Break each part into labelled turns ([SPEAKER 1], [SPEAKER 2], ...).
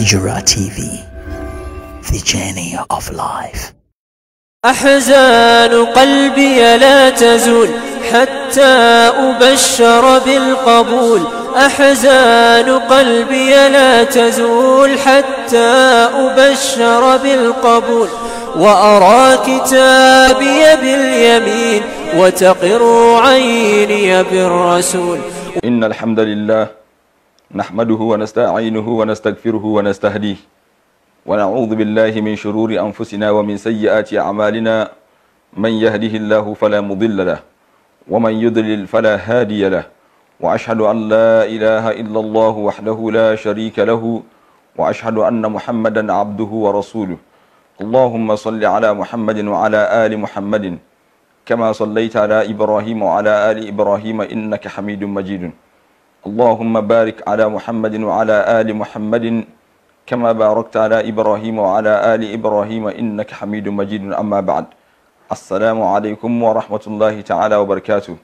[SPEAKER 1] هجرة تي في
[SPEAKER 2] The Journey of Life
[SPEAKER 1] أحزان قلبي لا تزول حتى أبشر بالقبول أحزان قلبي لا تزول حتى أبشر بالقبول
[SPEAKER 2] وأرى كتابي باليمين وتقر عيني بالرسول إن الحمد لله نحمده ونستعينه ونستغفره ونستهديه ونعوذ بالله من شرور أنفسنا ومن سيئات أعمالنا من يهده الله فلا مضل له ومن يضلل فلا هادي له وأشهد أن لا إله إلا الله وحده لا شريك له وأشهد أن محمدا عبده ورسوله اللهم صل على محمد وعلى آل محمد كما صليت على إبراهيم وعلى آل إبراهيم إنك حميد مجيد اللهم بارك على محمد وعلى آل محمد كما باركت على إبراهيم وعلى آل إبراهيم إنك حميد مجيد أما بعد السلام عليكم ورحمة الله تعالى وبركاته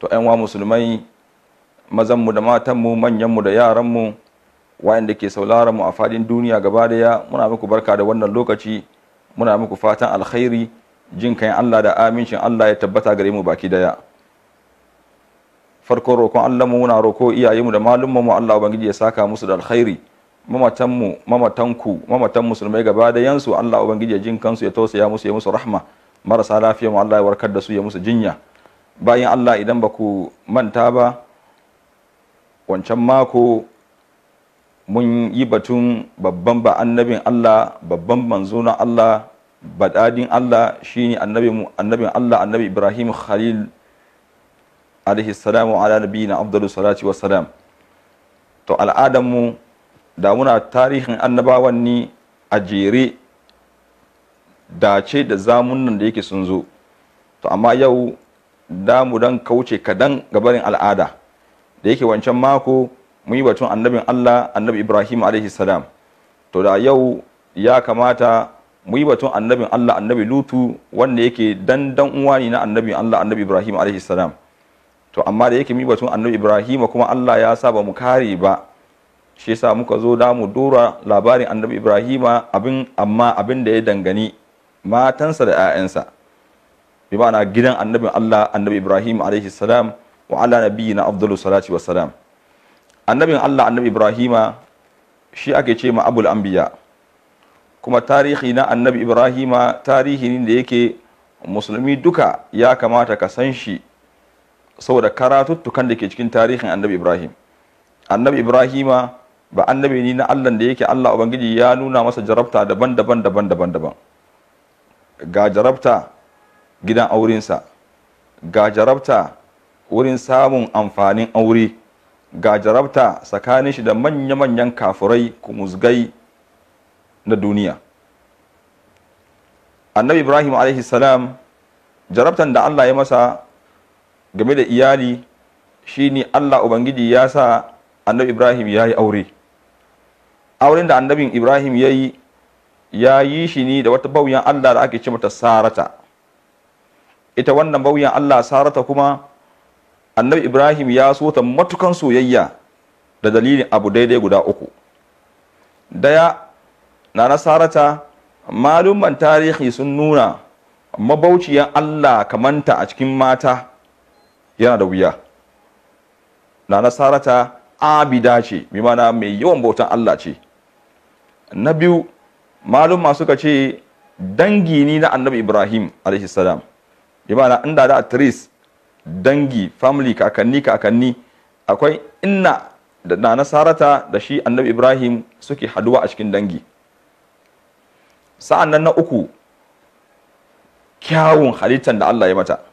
[SPEAKER 2] to wa musulmai mazanmu da matanmu manyanmu da yaranmu wa'anda ke sauraron mu a fadin duniya gaba daya muna muku barka da wannan lokaci muna muku fatan alkhairi jin kayan Allah da amincin Allah ya tabbata gare mu baki daya farkon roƙon Allah mu muna roƙo mu da malumman mu Allah ubangiji ya saka musu da alkhairi mamatan mu mamatanku mamatan musulmai gaba da yansu Allah ubangiji ya jin kansu ya tausaya musu ya musu rahma marasa lafiya mu Allah ya warkar da su ya musu jinya bayan Allah idan ba ku manta ba wancan mako mun yi batun babban ba annabin Allah babban manzo na Allah badadin Allah shine annabin annabin Allah annabi Ibrahim Khalil alaihi salam wa ala na abdullu salati wa salam to al'adanmu da muna tarihin annabawan ni a jere dace da zamun nan da yake sun zo to amma yau da mu dan kauce kadan gabarin al'ada da yake wancan mako mun yi batun annabin Allah annabi Ibrahim alaihi salam to da yau ya kamata mu yi batun annabin Allah annabi Lutu wanda yake dandan uwani na annabin Allah annabi Ibrahim alaihi salam to amma da yake mi batun annabi ibrahima kuma allah ya sa ba mu kare ba shi yasa muka zo da mu dora labarin annabi ibrahima abin amma abin da ya dangani matansa da 'ya'yansa bi ma'ana gidan annabin allah annabi ibrahim alaihi salam wa ala nabiyina afdalu salati salam annabin allah annabi ibrahima shi ake ce ma abul anbiya kuma tarihi na annabi ibrahima tarihi ne da yake musulmi duka ya kamata ka san shi saboda karatuttukan da ke cikin tarihin annabi ibrahim annabi ibrahima ba annabi ni na allah da yake allah ubangiji ya nuna masa jarabta daban daban daban daban daban ga jarabta gidan aurensa ga jarabta wurin samun amfanin aure ga jarabta tsakanin shi da manya-manyan kafurai kumuzgai na duniya annabi ibrahim alaihi salam jarabtan da allah ya masa game da iyali shine Allah ubangiji ya sa annabi Ibrahim ya yi aure auren da annabin Ibrahim ya yi ya yi shi ne da wata bauyan Allah da ake ce mata Sarata ita wannan bauyan Allah Sarata kuma annabi Ibrahim ya so ta matukan soyayya da dalilin abu daidai guda uku daya na na Sarata malumman tarihi sun nuna mabauciyan Allah kamanta a cikin mata yana da wuya nana sarata abida ce mai mana mai yawan bautan Allah ce na biyu malum masu suka ce dangi ni na annabi ibrahim alaihi salam mana inda da atris dangi family kakanni kakanni akwai inna da na sarata da shi annabi ibrahim suke haduwa a cikin dangi sa'an nan na uku kyawun halittar da Allah ya mata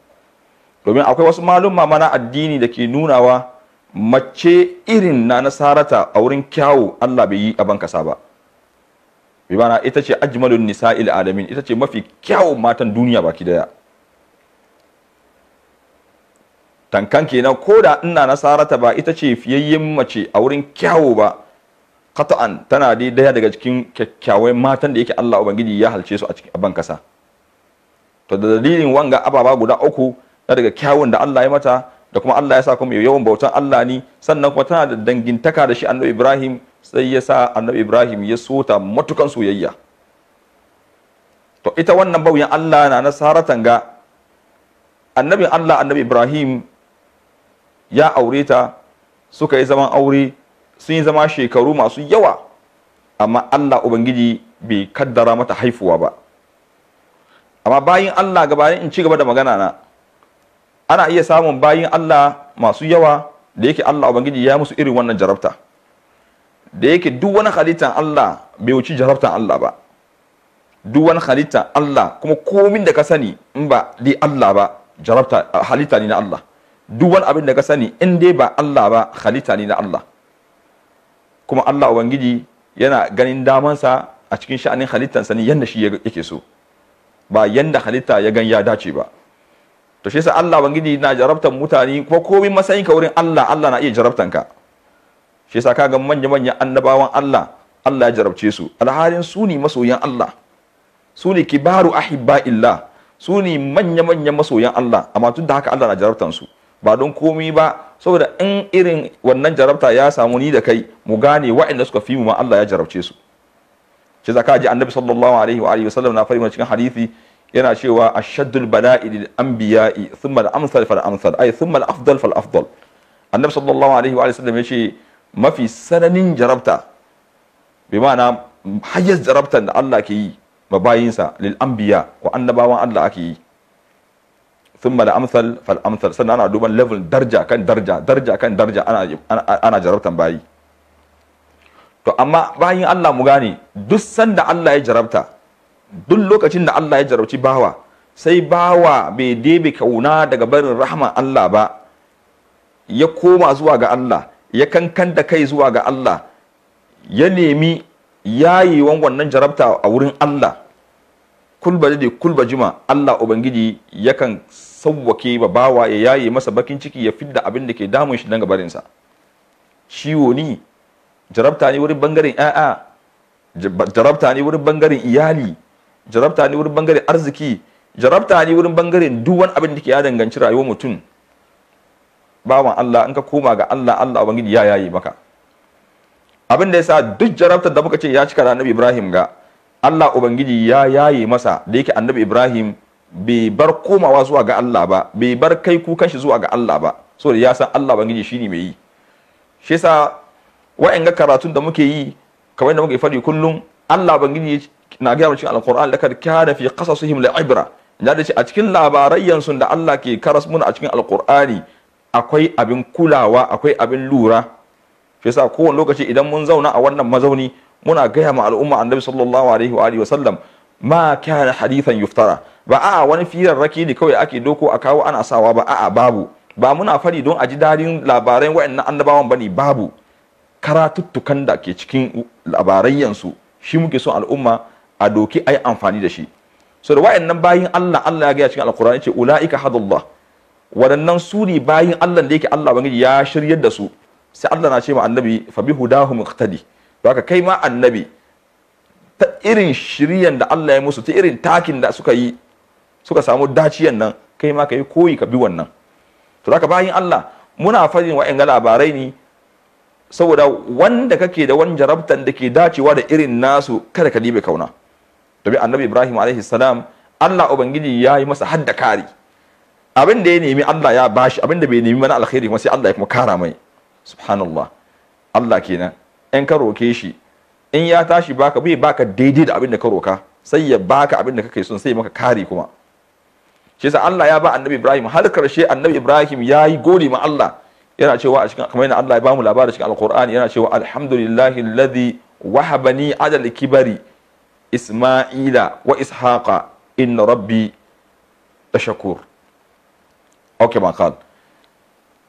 [SPEAKER 2] domin akwai wasu malumma mana addini da ke nunawa mace irin na nasarata a wurin kyawu Allah bai yi a kasa ba bi mana ita ce ajmalun nisa'il alamin ita ce mafi kyawu matan duniya baki daya tankan kenan ko da ina nasarata ba ita ce fiyayyen mace a wurin kyawu ba kata'an tana dai daya daga cikin kyakkyawai matan da yake Allah ubangiji ya halce su a cikin to da dalilin wanga ababa guda uku na daga kyawun da Allah ya mata da kuma Allah ya sa kuma yawan bautan Allah ni. sannan kuma tana da dangintaka da shi annabi Ibrahim sai ya sa annabi Ibrahim ya sota matukan soyayya to ita wannan bauyan Allah na na saratan ga annabin Allah annabi Ibrahim ya aure ta suka yi zaman aure sun yi zama shekaru masu yawa amma Allah Ubangiji bai kaddara mata haifuwa ba amma bayan Allah gabanin in ci gaba da magana na ana iya samun bayin Allah masu yawa da yake Allah ubangiji ya musu irin wannan jarabta da yake duk wani halittar Allah bai wuci jarabtar Allah ba duk wani halittar Allah kuma komin da ka sani in ba di Allah ba halitta ne na Allah duk wani abin da ka sani in dai ba Allah ba halitta ne na Allah kuma Allah ubangiji yana ganin damansa a cikin sha'anin halittarsa sani yadda shi yake so ba yadda halitta ya gan ya dace ba to shi yasa Allah bangiji na jarabtan mutane kuma komai matsayin ka wurin Allah Allah na iya jarabtan ka shi yasa kaga manya manyan annabawan Allah Allah ya jarabce su alharin su ne masoyan Allah su ne kibaru ahibba illa su ne manya manyan masoyan Allah amma tun da haka Allah na jarabtan su ba don komai ba saboda in irin wannan jarabta ya samu ni da kai mu gane wa'anda suka fi mu ma Allah ya jarabce su shi zaka ji annabi sallallahu alaihi wa alihi wasallam na fari cikin hadisi yana cewa ashaddul bala'i lil anbiya'i thumma al-amsal fal amsal ay thumma al-afdal fal afdal annabi sallallahu alaihi wa sallam yace mafi sananin jarabta bi ma'ana hayyaz jarabtan da Allah ke yi mabayinsa lil anbiya wa annabawan Allah ake yi thumma al-amsal fal amsal sannan ana duban level darja kan darja darja kan darja ana ana jarabtan bayi to amma bayin Allah mu gane duk sanda Allah ya jarabta duk lokacin da Allah ya jarauci bawa sai bawa bai debe kauna daga barin rahman Allah ba ya koma zuwa ga Allah ya kankan da kai zuwa ga Allah ya nemi yayewan wannan jarabta a wurin Allah kulba da kulba jima Allah ubangiji yakan sauwake ba bawa ya yaye masa bakin ciki ya fidda abin da ke damun shi dan gabarinsa ciwo ni jarabta ne wurin bangaren a'a jarabta ne wurin bangaren iyali jarabta ne wurin bangaren arziki jarabta ne wurin bangaren duk wani abin da ke ya danganci rayuwar mutum bawan Allah in ka koma ga Allah Allah ubangiji ya yayi maka abin da yasa duk jarabtar da muka ce ya cika da annabi Ibrahim ga Allah ubangiji ya yaye masa da yake annabi Ibrahim bai bar komawa zuwa ga Allah ba bai bar kai kukan shi zuwa ga Allah ba saboda ya san Allah ubangiji shine mai yi shi yasa wa'in ga karatun da muke yi kamar da muke faɗi kullum Allah ubangiji na gaya cikin alquran lakad kana fi qasasihim la ibra na da a cikin labarayyan sun da Allah ke karas mun a cikin alqurani akwai abin kulawa akwai abin lura shi yasa kowane lokaci idan mun zauna a wannan mazauni muna gaya ma al'umma annabi sallallahu alaihi wa alihi wa sallam ma kana hadithan yuftara ba a wani firarraki ne kawai ake doko a kawo ana sawa ba a'a babu ba muna fari don a ji dadin labaran wa'annan annabawan bane babu karatuttukan da ke cikin labarayyansu shi muke son al'umma a doki a yi amfani da shi so da nan bayin Allah Allah ya gaya cikin ya ce ula'ika hadallah waɗannan su ne bayin Allah da yake Allah bangiji ya shiryar da su sai Allah na ce ma annabi fa bi hudahum iqtadi to haka kai ma annabi ta irin shiryan da Allah ya musu ta irin takin da suka yi suka samu daciyan nan kai ma ka yi koyi ka bi wannan to haka bayin Allah muna fadin ga labarai ne saboda wanda kake da wani jarabtan da ke dacewa da irin nasu kada ka libe kauna domin annabi ibrahim alaihi salam allah ubangiji ya yi masa hadda kari abin da ya nemi allah ya bashi abin da bai nemi mana alkhairi kuma sai allah ya kuma kara mai subhanallah allah kenan in ka roke shi in ya tashi baka bai baka daidai da abin da ka roka sai ya baka abin da kake son sai maka kari kuma shi yasa Allah ya ba annabi Ibrahim har karshe annabi Ibrahim ya yi gode ma Allah yana cewa a cikin kamar yana Allah ya ba mu labarin cikin Alqur'ani yana cewa alhamdulillahi alladhi wahabani adal kibari isma'ila wa ishaqa inna rabbi tashakur okay ma qal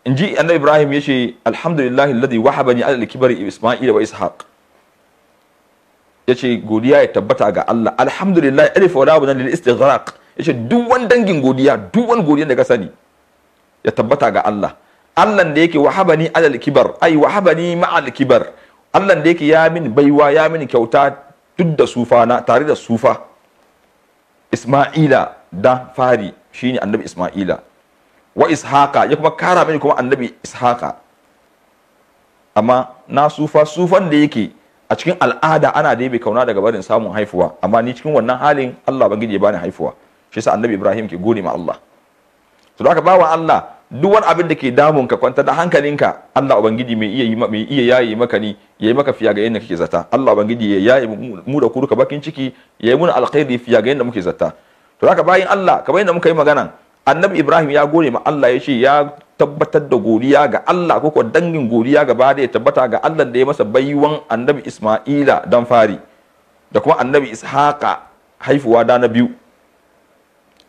[SPEAKER 2] inji annabi ibrahim yace alhamdulillahi alladhi wahabani ala al-kibari isma'ila wa ishaq yace godiya ya tabbata ga Allah alhamdulillah alif wa lam lil istighraq yace duk wani dangin godiya duk wani godiya da ka sani ya tabbata ga Allah Allah da yake wahabani alal kibar ai wahabani ma'al kibar Allah da yake ya min baiwa ya min kyauta duk da sufa na tare da sufa Isma'ila da fari shine annabi Isma'ila wa Ishaqa ya kuma kara mini kuma annabi Ishaqa amma na sufa sufan da yake a cikin al'ada ana da bai kauna daga barin samun haifuwa amma ni cikin wannan halin Allah bangiji ya bani haifuwa shi annabi Ibrahim ke gode ma Allah to da aka bawa Allah duk wani abin da ke damun ka kwanta da hankalinka Allah ubangiji mai iya mai iya yayi maka ni yayi maka fiya ga yanda kake zata Allah ubangiji ya yayi mu da kuruka bakin ciki yayi mun alkhairi fiya ga yanda muke zata to haka bayin Allah kamar yanda muka yi magana annabi Ibrahim ya gode ma Allah ya ce ya tabbatar da godiya ga Allah ko ko dangin godiya gaba da ya tabbata ga Allah da ya masa baiwan annabi Isma'ila dan fari da kuma annabi Ishaqa haifuwa da na biyu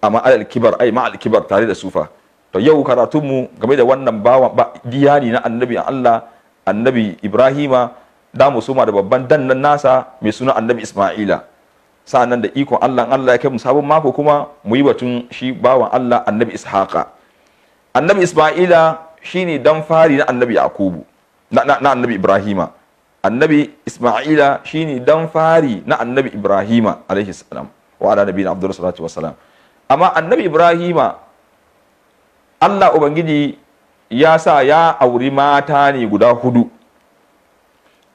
[SPEAKER 2] amma alal kibar ai ma al kibar tare da sufa to yau karatunmu game da wannan bawan diyani na annabi Allah annabi Ibrahima da mu da babban dannan nasa mai suna annabi Isma'ila sa'annan da ikon Allah Allah ya kai mu sabon mako kuma mu yi batun shi bawan Allah annabi Ishaqa annabi Isma'ila shine dan fari na annabi Yakubu na, na, na annabi Ibrahima annabi Isma'ila shine dan fari na annabi Ibrahima alaihi salam wa ala nabiyina Abdullah sallallahu alaihi wasallam amma annabi Ibrahima Allah Ubangiji ya sa ya auri mata ne guda hudu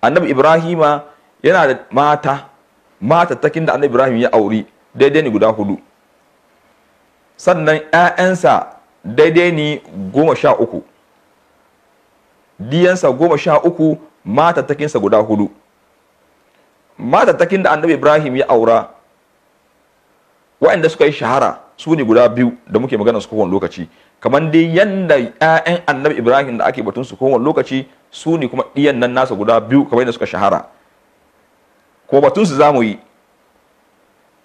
[SPEAKER 2] annabi Ibrahima yana da mata mata takin da annabi Ibrahim ya auri daidai ne guda hudu sannan 'ya'yansa daidai ne goma sha uku diyansa goma sha uku matattakinsa guda hudu matattakin da annabi ibrahim ya aura waɗanda suka yi shahara su ne guda biyu da muke magana su kowane lokaci kamar dai yanda ya'yan annabi ibrahim da ake batun su kowane lokaci su ne kuma ɗiyan nan nasa guda biyu kamar yadda suka shahara ko batun su za mu yi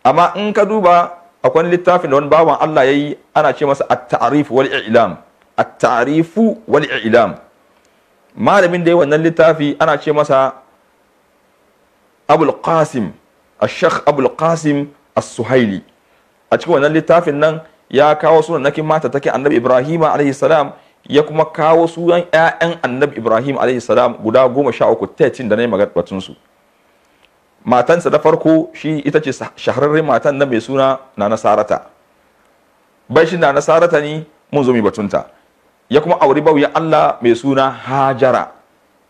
[SPEAKER 2] amma in ka duba akwai littafin da wani bawan Allah ya yi ana ce masa at-ta'rif wal i'lam malamin da ya wannan littafi ana ce masa abul qasim ash-shaykh abul qasim as-suhaili a cikin wannan littafin nan ya kawo sunan nakin mata take annabi ibrahim alayhi salam ya kuma kawo sunan ƴaƴan annabi ibrahim alayhi salam guda goma sha uku da na yi batun su matansa da farko shi ita ce shahararren matan na mai suna na nasarata bai shi na nasarata ne mun zo mai batunta ya kuma auri bauya allah mai suna hajara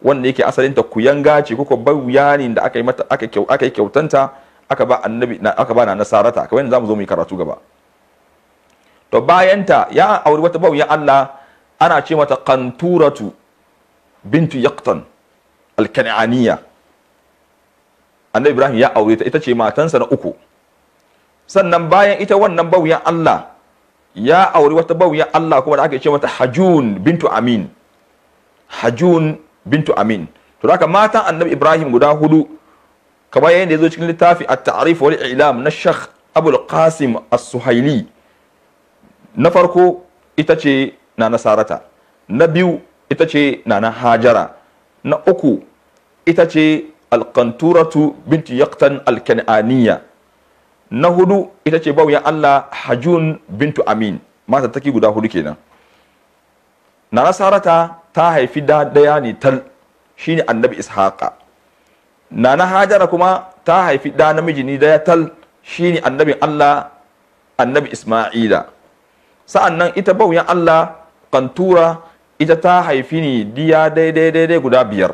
[SPEAKER 2] wanda yake asalinta kuyanga ce kuka bauya ne da aka yi mata aka kyautanta aka ba annabi aka ba na nasarata kamar yadda zamu zo mu yi karatu gaba to bayanta ya auri wata bawuya Allah ana ce mata kanturatu bintu yaqtan alkan'aniya annabi ibrahim ya aure ta ita ce matansa na uku sannan bayan ita wannan bawuyan Allah ya auri wata bawuyan Allah kuma da aka ce mata hajun bintu amin hajun bintu amin to haka matan annabi ibrahim guda hudu kamar yayin da ya zo cikin littafi a ta'arif wal ilam na shak abul qasim as-suhaili na farko ita ce na nasarata na biyu ita ce na na hajara na uku ita ce alkanturatu Bintu yaktan alkan'aniya na hudu ita ce bauya allah hajun bintu amin mata take guda hudu kenan na nasarata ta haifi da daya ne tal shine annabi ishaqa nana hajara kuma ta haifi ɗa namiji ni daya tal Shi ne annabin Allah annabi Isma'ila nan ita bauyan Allah kantura ita ta haifi ni diya daidai daidai guda biyar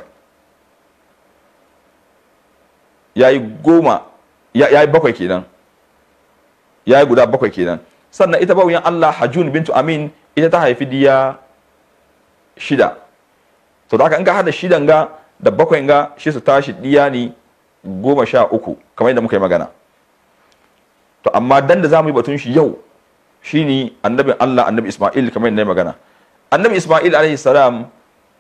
[SPEAKER 2] yi goma yi bakwai kenan yi guda bakwai kenan sannan ita bauyan Allah Hajjun bintu Amin ita ta haifi diya shida to da aka in ka hada shidan ga da bakwai ga shi su tashi diya ne goma sha uku kamar yadda muka yi magana to amma dan da za mu yi batun shi yau ne annabi Allah annabi Isma'il kamar yadda magana annabi Isma'il alaihi salam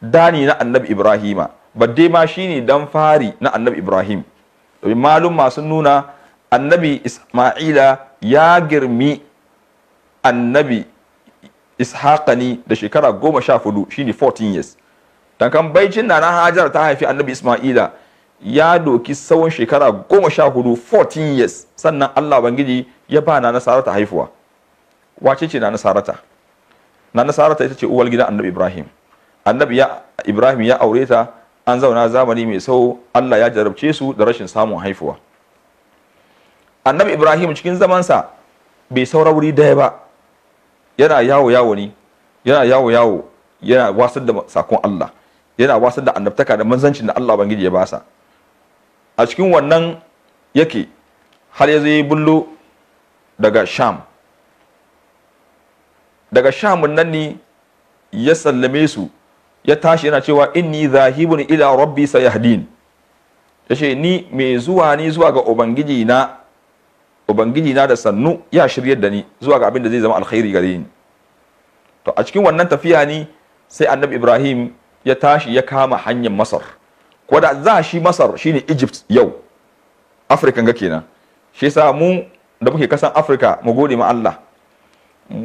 [SPEAKER 2] dani na annabi Ibrahima badde ma shine dan fari na annabi Ibrahim domin malum masu nuna annabi Isma'ila ya girmi annabi Ishaqani da shekara goma sha fudu shi ne 14 years tankan baicin na hajar ta haifi annabi isma'ila ya doki tsawon shekara goma sha hudu 14 years sannan allah bangiji ya ba na nasarata haifuwa wace ce na nasarata na nasarata ita ce uwar gidan annabi ibrahim annabi ya ibrahim ya aure ta an zauna zamani mai tsawo allah ya jarabce su da rashin samun haifuwa annabi ibrahim cikin zamansa bai saura wuri daya ba yana yawo yawo ne yana yawo yawo yana wasar da sakon allah yana wasar da annabtaka da manzancin da Allah bangiji ya basa a cikin wannan yake har ya zai bullo daga sham daga shamun nan ne ya sallame su ya tashi yana cewa in inni zahibun ila rabbi sayahdin ce ni mai zuwa ni zuwa ga ubangiji na da sannu ya shiryar da ni zuwa ga abin da zai zama alkhairi gare ni to a cikin wannan tafiya ni sai annabi ibrahim ya tashi ya kama hanyar masar kwada za shi masar shine egypt yau afirka ga kenan shi sa mu da muke kasan afirka mu gode ma allah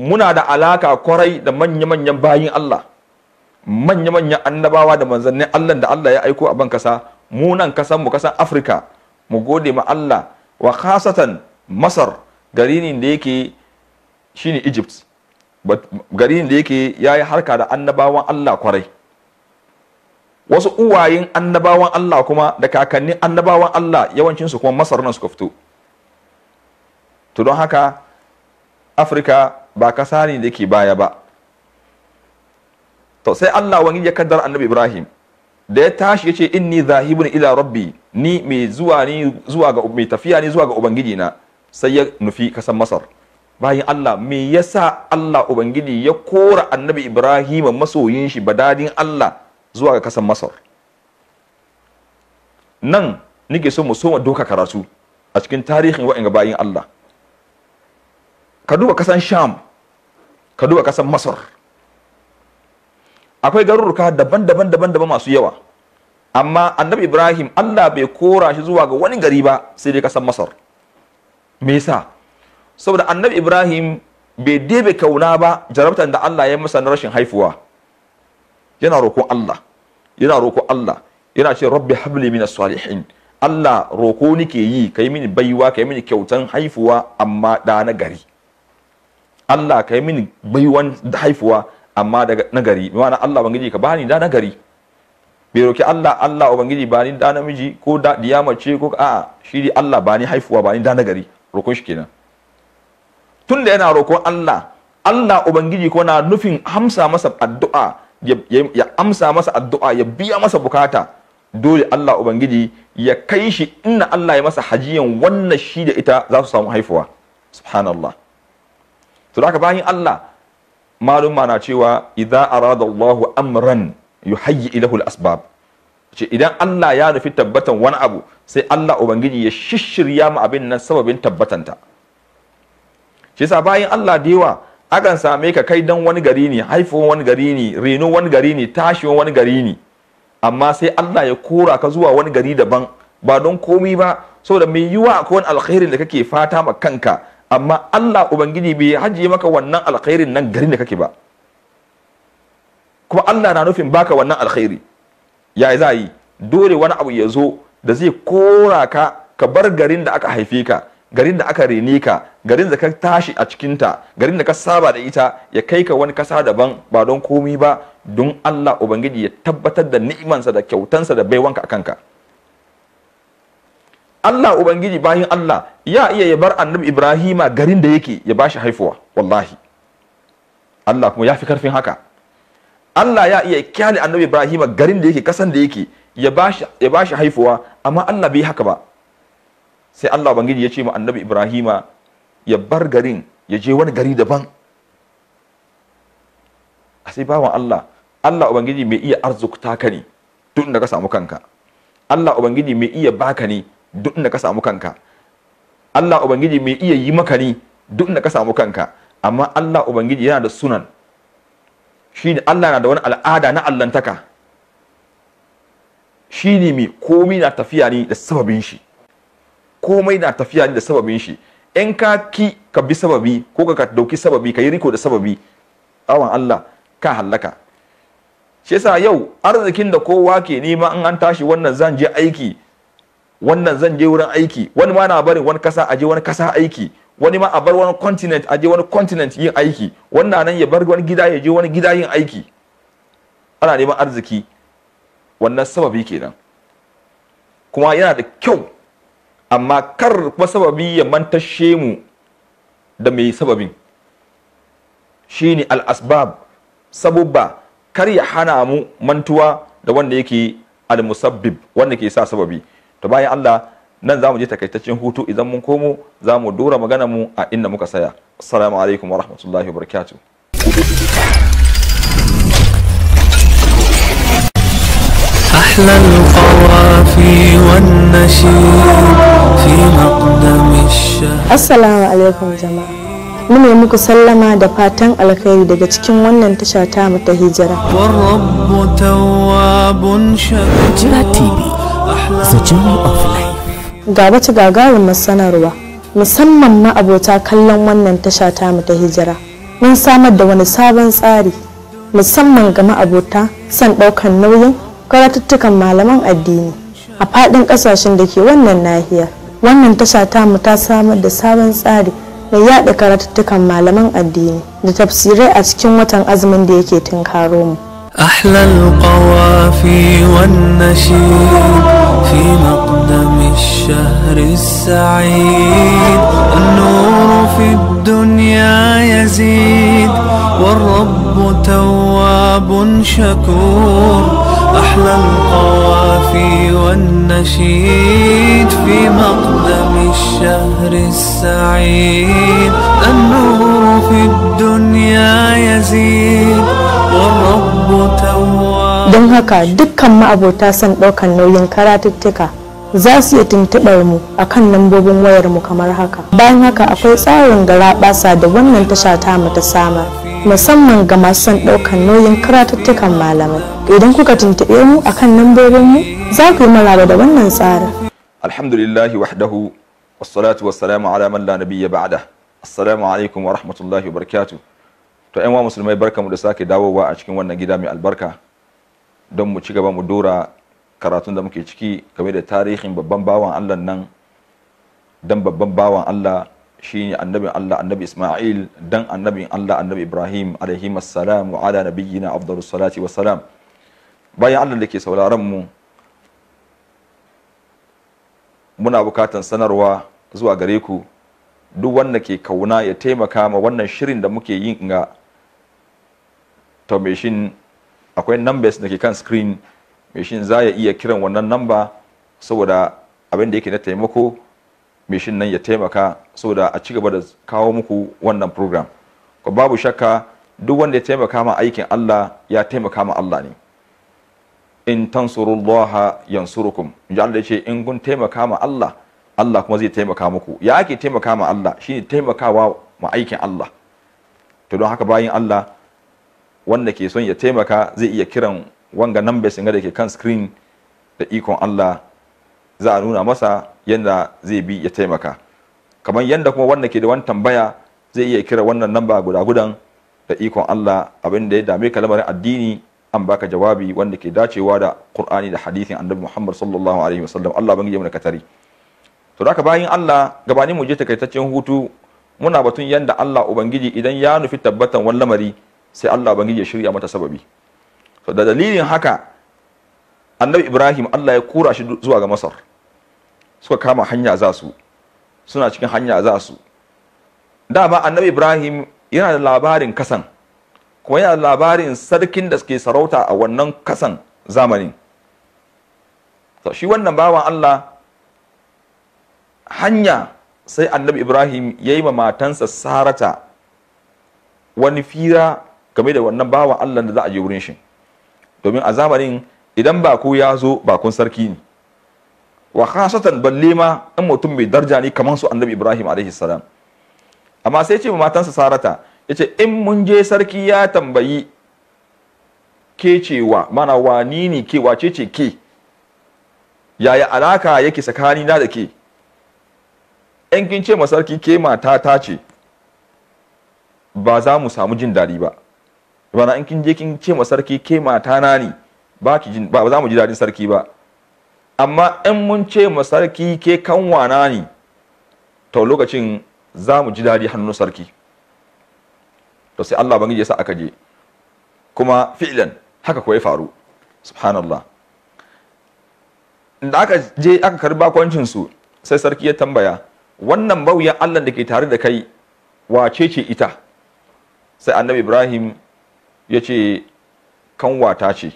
[SPEAKER 2] muna da alaka kwarai da manya-manyan bayin allah manya-manyan annabawa da manzannin allah da allah ya aiko a ban kasa mu nan kasan mu kasan afirka mu gode ma allah wa khasatan masar gari ne da yake shine egypt gari ne da yake ya yi harka da annabawan allah kwarai wasu uwayen annabawan Allah kuma da kakannin annabawan Allah yawancinsu kuma masar nan suka fito to don haka afirka ba kasa ne da ke baya ba to sai Allah wani ya kaddar annabi Ibrahim da ya tashi ya ce inni zahibun ila rabbi ni mai zuwa ni zuwa ga mai tafiya ni zuwa ga ubangiji na sai ya nufi kasan Masar bayan Allah me yasa Allah ubangiji ya kora annabi Ibrahim masoyin shi badadin Allah zuwa ga kasan masar nan nike so mu soma doka karatu a cikin tarihin wa'in bayin Allah ka duba kasan sham ka duba kasan masar akwai garuruka daban-daban daban-daban masu yawa amma annabi ibrahim Allah bai kora shi zuwa ga wani gari ba sai dai kasan masar me yasa saboda annabi ibrahim bai debe kauna ba jarabtar da Allah ya masa na rashin haifuwa yana roƙon Allah yana roƙon Allah yana ce rabbi habli min salihin Allah roƙo nike yi kai mini baiwa kai mini kyautan haifuwa amma da na gari Allah kai mini baiwan haifuwa amma na nagari bi ma'ana Allah ubangiji ka bani da nagari bai roki Allah Allah ubangiji bani da namiji ko da diyamace ko a'a shi dai Allah bani haifuwa bani da nagari roƙon shi kenan tunda yana roƙon Allah Allah ubangiji ko na nufin hamsa masa addu'a ya amsa masa addu'a ya biya masa bukata dole Allah ubangiji ya kai shi inna Allah ya masa hajiyan wannan shi da ita za su samu haifuwa subhanallah to haka bayan Allah malum na cewa idza arada Allah amran yuhayyi ilahu al-asbab ce idan Allah ya nufi tabbatan wani abu sai Allah ubangiji ya shishirya mu abin nan sababin tabbatanta shi yasa bayan Allah da yawa akan same ka kai dan wani gari ne haifuwan wani gari ne reno wani gari ne tashiwan wani gari ne amma sai Allah ya kora ka zuwa wani gari daban ba don komi ba saboda mai yiwa akwai wani alkhairin da kake fata ma kanka amma Allah ubangiji bai hajiye maka wannan alkhairin nan garin da kake ba kuma Allah na nufin baka wannan alkhairi ya za yi dole wani abu ya zo da zai kora ka ka bar garin da aka haife ka garin da aka rene ka garin da ka tashi a cikinta garin da ka saba da ita ya kai ka wani kasa daban ba don komi ba don Allah ubangiji ya tabbatar da ni'imansa da kyautansa da baiwanka a kanka Allah ubangiji bayan Allah ya iya ya bar annabi Ibrahima garin da yake ya bashi haifuwa wallahi Allah kuma ya fi karfin haka Allah ya iya kyale annabi Ibrahima garin da yake kasan da yake ya bashi haifuwa amma Allah bai haka ba sai Allah ubangiji ya ce ma annabi Ibrahima ya bar garin ya je wani gari daban a sai bawan Allah Allah ubangiji mai iya arzikuta ka ne duk inda ka samu kanka Allah ubangiji mai iya baka ne duk inda ka samu kanka Allah ubangiji mai iya yi maka ne duk inda ka samu kanka amma Allah ubangiji yana da sunan shi ne Allah na da wani al'ada na allantaka shi ne mai komi na tafiya ne da sababin shi komai na tafiya da sababin shi in ka ki ka bi sababi ko ka dauki sababi ka yi riko da sababi awon Allah ka hallaka shi yasa yau arzikin da kowa ke nema in an tashi wannan zan je aiki wannan zan je wurin aiki wani ma na barin wani kasa aje wani kasa aiki wani ma a bar wani continent aje wani continent yin aiki wannan nan ya bar wani gida ya je wani gida yin aiki ana neman arziki wannan sababi kenan kuma yana da kyau amma kar kuma sababi ya mantashe mu da mai sababin shine al-asbab sabubba kar ya hana mu mantuwa da wanda yake al-musabbib wanda ke sa sababi to bayan Allah nan zamu je takaitaccen hutu idan mun komo zamu dora magana mu a inda muka saya assalamu alaikum wa rahmatullahi wa barakatuh
[SPEAKER 1] أحلى القوافي والنشيد في مقدم الشهر السلام عليكم جماعة muna muku sallama da fatan alkhairi daga cikin wannan tasha ta mu ta hijira. Hijira TV, the of life. Ga wata gagarumar sanarwa, musamman ma abota kallon wannan tasha ta hijira. Mun samar da wani sabon tsari, musamman ga ma'abota son ɗaukar nauyin karatuttukan malaman addini a fadin kasashen da ke wannan nahiya wannan tasha mu ta samar da sabon tsari mai yada karatuttukan malaman addini da tafsirai a cikin watan azumin da yake tunkaro mu أحلى القوافي والنشيد في مقدم الشهر السعيد النور في الدنيا يزيد والرب تواب شكور أحلى القوافي والنشيد في مقدم الشهر السعيد النور في الدنيا يزيد والرب تواب don haka dukkan ma'abota sun ɗaukan nauyin karatuttuka za su iya tuntuɓar mu a kan lambobin wayar mu kamar haka bayan haka akwai tsarin gara basa da wannan tasha ta mu ta samar musamman ga masu son ɗaukar nauyin karatuttukan malamai idan kuka tuntuɓe mu a kan lambobin mu za ku yi maraba da wannan tsarin
[SPEAKER 2] alhamdulillahi wahdahu wassalatu wassalamu ala man la nabiyya ba'da assalamu alaikum wa rahmatullahi wa barakatuh to ƴan wa musulmai barkamu da sake dawowa a cikin wannan gida mai albarka don mu ci gaba mu dora karatun da muke ciki game da tarihin babban bawan Allah nan dan babban bawan Allah shine annabin Allah annabi Isma'il dan annabin Allah annabi Ibrahim alaihi assalam wa ala nabiyyina afdalus salati wa salam bayan Allah da ke sauraron mu muna bukatan sanarwa zuwa gare ku duk wanda ke kauna ya taimaka ma wannan shirin da muke yin ga taumeshin akwai numbers da ke kan screen shin za ya iya kiran wannan namba saboda abin da yake na taimako shin nan ya taimaka saboda a ci gaba da kawo muku wannan program ko babu shakka duk wanda ya taimaka ma aikin Allah ya taimaka ma Allah ne in tansurullaha yansurukum ji Allah ce in kun taimaka ma Allah Allah kuma zai taimaka muku ya ake taimaka ma Allah shine taimakawa ma aikin Allah to don haka bayin Allah wanda ke son ya taimaka zai iya kiran wanga bai singa da ke kan screen da ikon Allah za a nuna masa yadda zai bi ya taimaka kamar yadda kuma wanda ke da wani tambaya zai iya kira wannan namba guda gudan da ikon Allah abin da ya dame ka lamarin addini an baka jawabi wanda ke dacewa da Qur'ani da hadisin Annabi Muhammad sallallahu alaihi wasallam Allah bangi mu katari to da bayan Allah gabanin mu je takaitaccen hutu muna batun yadda Allah ubangiji idan ya nufi tabbatan wani lamari sai Allah ubangiji ya shirya mata sababi so da dalilin haka annabi ibrahim allah ya kura shi zuwa ga masar suka kama hanya za su suna cikin hanya za su dama annabi ibrahim yana da labarin kasan kuma yana da labarin sarkin da suke sarauta a wannan kasan zamanin so shi wannan bawan allah hanya sai annabi ibrahim ya yi ma matansa sarata wani fira game da wannan bawan allah da za a je wurin shi domin a zamanin idan ku ya zo bakun sarki ne wa khasatan balle ma in mutum mai darja ne kamar su annabi ibrahim alaihi salam amma sai ce matansa sarata yace in mun je sarki ya tambayi ke cewa mana wani ne ke wace ce ke yaya alaka yake tsakani na da ke in kin ce masarki ke mata ta ce ba za mu samu jin daɗi ba bana in kin je kin ce ma sarki ke mata na ne ba ki ba za mu ji dadin sarki ba amma in mun ce ma sarki ke kanwa na ne to lokacin za mu ji dadi hannun sarki to sai Allah bangi ya sa aka je kuma fi'lan haka kuwa ya faru subhanallah da aka je aka karba kwancin su sai sarki ya tambaya wannan bauyan Allah da ke tare da kai wace ce ita sai annabi Ibrahim ya ce kanwata ce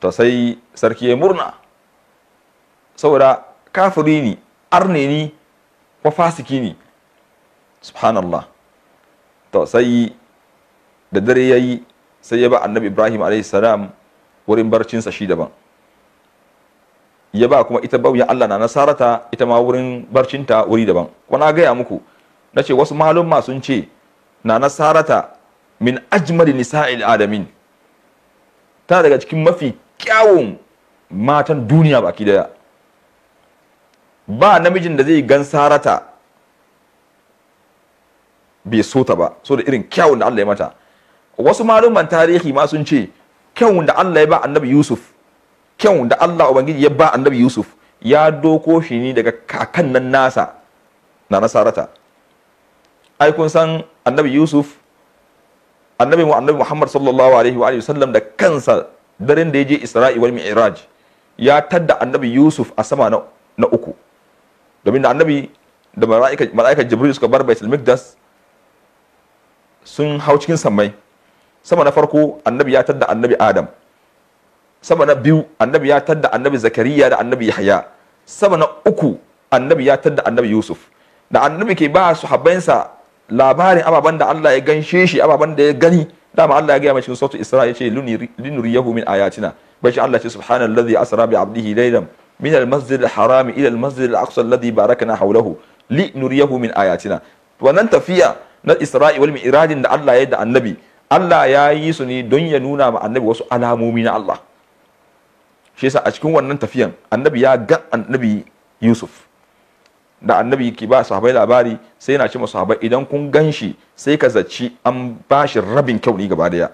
[SPEAKER 2] ta sai sarki ya murna saboda kafiri ne arne ne wa fasiki ne subhanallah Ta sai da dare ya yi sai ya ba annabi ibrahim a.s. salam wurin barcinsa shi daban ya ba kuma ita bauyin Allah na nasarata ita ma wurin barcinta wuri daban kuma na gaya muku na ce wasu malumma sun ce na nasarata min ajmal nisa'il adamin Ta daga cikin mafi kyawun matan duniya baki daya ba namijin da zai gan sarata bai so ta ba so da irin kyawun da Allah ya mata wasu maluman tarihi ma sun ce kyawun da Allah ya ba annabi Yusuf kyawun da Allah ubangiji ya ba annabi Yusuf ya doko shi ne daga kakan nan nasa na nasarata ai kun san annabi Yusuf annabi mu annabi Muhammad sallallahu alaihi wa sallam da kansa daren da ya je Isra'i wal Mi'raj ya tadda annabi Yusuf a sama na, uku domin da annabi da mala'ikan Jibril suka bar Baitul Miqdas sun hau cikin samai. sama na farko annabi ya tadda annabi Adam sama na biyu annabi ya tadda annabi Zakariya da annabi Yahya sama na uku annabi ya tadda annabi Yusuf da annabi ke ba su habansa labarin ababan da Allah ya ganshe shi ababan da ya gani dama Allah ya ga mai cikin sautu Isra'i ya ce linuriyahu min ayatina bashi Allah ce subhanallazi asra bi abdihi laylan min al-masjid al-haram ila al-masjid al-aqsa alladhi barakna hawlahu linuriyahu min ayatina wannan tafiya na Isra'i wal mi'rajin da Allah ya yi da annabi Allah ya yi su ne don ya nuna ma annabi wasu alamomi na Allah shi yasa a cikin wannan tafiyan annabi ya ga annabi Yusuf da annabi ke ba sahabai labari sai yana ce masu sahabai idan kun gan shi sai ka zaci an ba shi rabin kyau ni gaba daya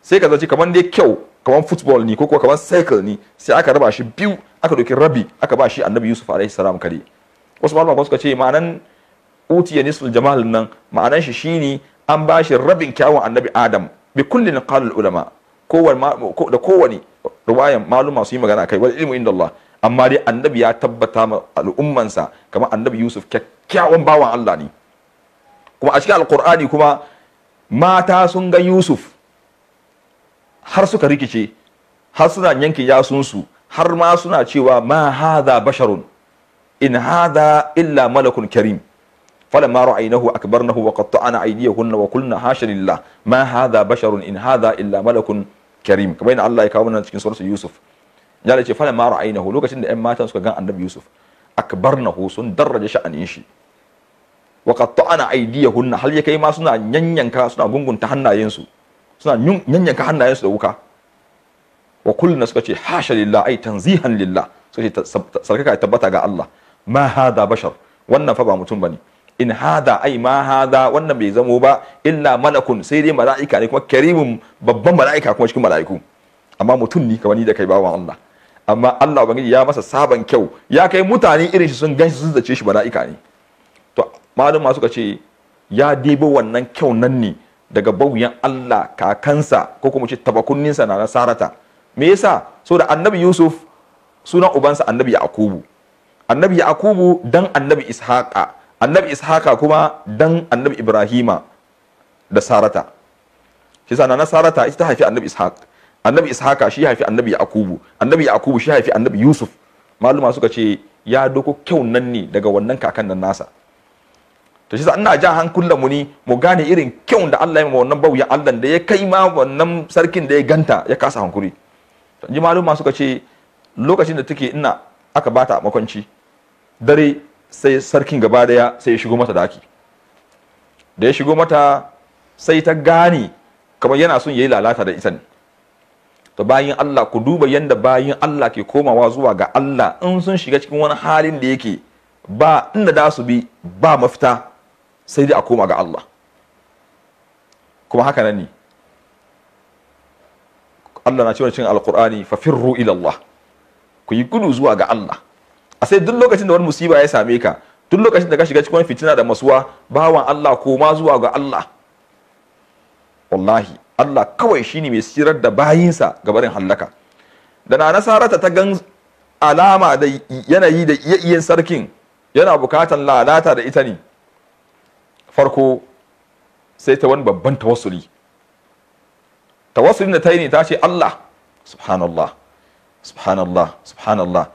[SPEAKER 2] sai ka zaci kamar dai kyau kamar football ni ko kuwa kamar cycle ni sai aka raba shi biyu aka doki rabi aka ba shi annabi yusuf alaihi salam kare wasu malama suka ce ma'anan utiya nisul jamal nan ma'anan shi shine an ba shi rabin kyawun annabi adam bi kullin qala ulama da kowani ruwayan maluma su yi magana kai wal ilmu inda Allah amma dai annabi ya tabbata ma al'ummansa kamar annabi yusuf kyakkyawan bawan allah ne kuma a cikin alkur'ani kuma mata sun ga yusuf har suka rikice har suna yanke yasunsu har ma suna cewa ma hadha basharun in hadha illa malakun karim فلما رأيناه أكبرنه وقطعنا أيديهن وقلنا حاشا لله ما هذا بشر إن هذا إلا ملك كريم كما الله يكاونا سورة يوسف jala ce falan ma ra'aynahu lokacin da 'yan matan suka gan annabi yusuf na sun darraja sha'anin shi wa qatta'ana aidiya hal ya kai ma suna yanyanka suna gungunta hannayensu suna hannayen hannayensu da wuka wa na suka ce hasha lillah ai tanzihan lillah suka ce sarkaka tabbata ga Allah ma hada bashar wannan fa ba mutum bane in hada ai ma hada wannan bai zamo ba illa malakun sai dai mala'ika ne kuma karimin babban mala'ika kuma cikin mala'iku amma mutum ni ka wani da kai bawan Allah amma Allah ubangiji ya masa sabon kyau ya kai mutane irin shi sun ganshi sun zace shi bala'ika ne to masu suka ce ya debo wannan kyau nan ne daga bauyan Allah kakansa ko kuma ce tabakunninsa na nasarata me yasa da annabi Yusuf sunan ubansa annabi Yakubu annabi Yakubu dan annabi Ishaqa annabi Ishaqa kuma dan annabi Ibrahima da Sarata shi yasa na Sarata ita ta haifi annabi Ishaq annabi ishaka shi haifi annabi yakubu annabi yakubu shi haifi annabi yusuf maluma suka ce ya doko kyau nan ne daga wannan kakan nan nasa to shi ina jan hankulan mu mu gane irin kyau da Allah ya ma wannan bauya Allah da ya kai ma wannan sarkin da ya ganta ya kasa hankuri to ji maluma suka ce lokacin da take ina aka bata makwanci dare sai sarkin gaba daya sai ya shigo mata daki da ya shigo mata sai ta gane kamar yana son yayi lalata da ita ne to bayin Allah ku duba yanda bayin Allah ke komawa zuwa ga Allah in sun shiga cikin wani halin da yake ba inda da su bi ba mafita sai dai a koma ga Allah kuma haka nan ne Allah na cewa cikin alkur'ani fa firru ila Allah ku yi gudu zuwa ga Allah a sai duk lokacin da wani musiba ya same ka duk lokacin da ka shiga cikin fitina da masuwa bawan Allah koma zuwa ga Allah wallahi Allah kawai shine mai sirar da bayinsa ga barin hallaka da na nasarata ta gan alama da yanayi da iyayen sarkin yana bukatan lalata da ita ne farko sai ta wani babban tawassuli tawassulin da ta yi ne ta ce Allah subhanallah subhanallah subhanallah